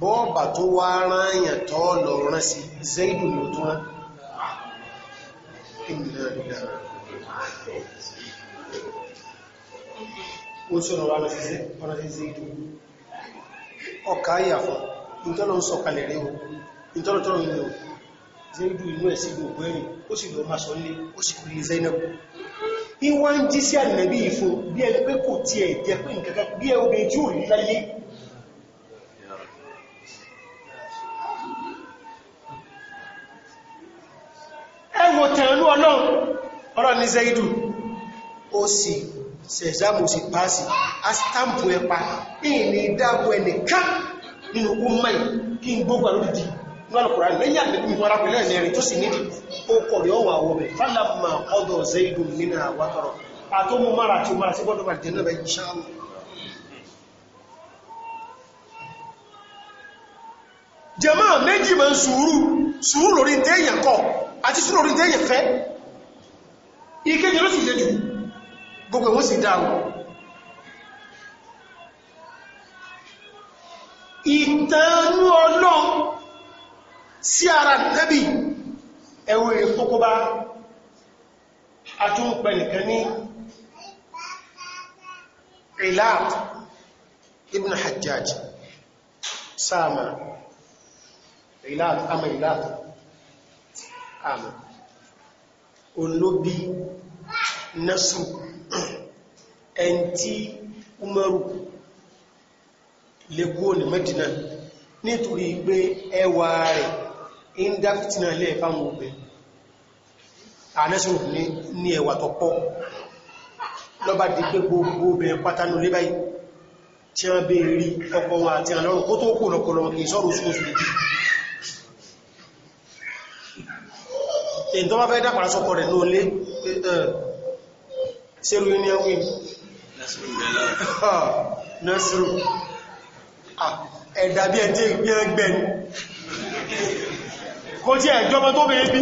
bọ́ọ̀bà tó wá ráyàn tọ́ lọ rán sí Zaidu ló tún rán ó sọ̀rọ̀ ọ̀rọ̀ sí Zaidu ọkà ayàfọ́ ìtọ́lọ̀ ń sọ̀kalẹ̀ rí o ìtọ́lọ̀ tọ́rọ̀ ilẹ̀ zaidu inú ẹ̀sí ìlú ògbẹ́rin ó sì lọ máa sọ nílé ó sì kúrí zainab bí wọ́n ń jí sí ànàbí ìfún bí ẹni pé kò tí ẹ̀ jẹ́ pé nǹkan bí ẹ obìnrin tí ò rí láyé ẹwọ tẹ̀lú ọlọ́run ọ̀rọ̀ ní zaidu ó sì sẹ̀zámù sí páàsì a stampu ẹpa ìní dáàbò ẹnìkan nínú kú mẹ́ kí n gbógbà lórí lọ́nà kùrán lẹ́yìn àgbẹ̀bí mú ara pẹ̀lú ẹ̀mẹ́rin tó sì nídi ó kọ̀ rí ọwà ọwọ́ bẹ̀ fálàmà ọdọ̀ zaidu nínú àwátọrọ àtó mú mara tí ó mara sí gbọ́dọ̀ bá jẹ́ náà bẹ́ẹ̀ ṣáàlù jẹ́mọ́ méjì mọ́ sùúrù sùúrù lórí téèyàn kọ̀ àti sùúrù lórí téèyàn fẹ́ ìkéjì ló sì lè jù gbogbo wọn sì dáa ìtànú ọlọ́run sí ara nẹ́bì ẹ̀wọ̀ ìfókóbá àtúnpẹ̀ nìkan ní Ilab ibn Hajjaj sáàmà Ilab àmà Ilab àmà olóbi nasu ẹn tí umaru lè kúrò ní Mẹ́dínà nítorí pé ẹwà rẹ̀ in dá fìtínà ilé ìfáwọn obìn àánẹ́sùn ní ẹwà tọ́pọ́ lọ́bá di pé gbogbo obìnrin pátánù lé báyìí tí wọ́n bèèrè rí ọkọ wọn àti àlọ́rùn kó tó kò lọ́kọ̀lọ́ kì í sọ́rọ̀ oṣooṣù méjì èyí tó bá fẹ́ dápàá sọ́kọ̀ rẹ̀ ní olé sẹ́rù ní ẹwìn nasiru ah, ah, ẹ̀dàbí ẹ̀ tí ìgbẹ́ ẹgbẹ́ ni kò tí ẹ̀jọba tó bèé bí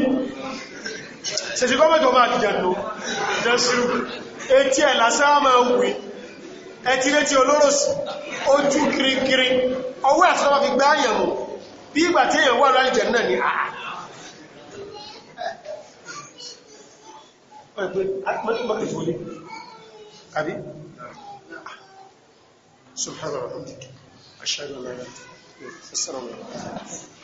ṣẹ̀ṣẹ̀ gọ́mẹ̀tọ̀ máa dìjànú jẹ́sìrù etí ẹ̀ lásán máa wùí ẹtí létí olórosì ojú kirikiri ọwọ́ àtọ́wọ́ fi gbá àyẹ̀mù bí ìgbà tí èèyàn wà lórí jẹ̀nà ah. ah, ní àà Abi? Subhanallah. Ashhadu an la ilaha illa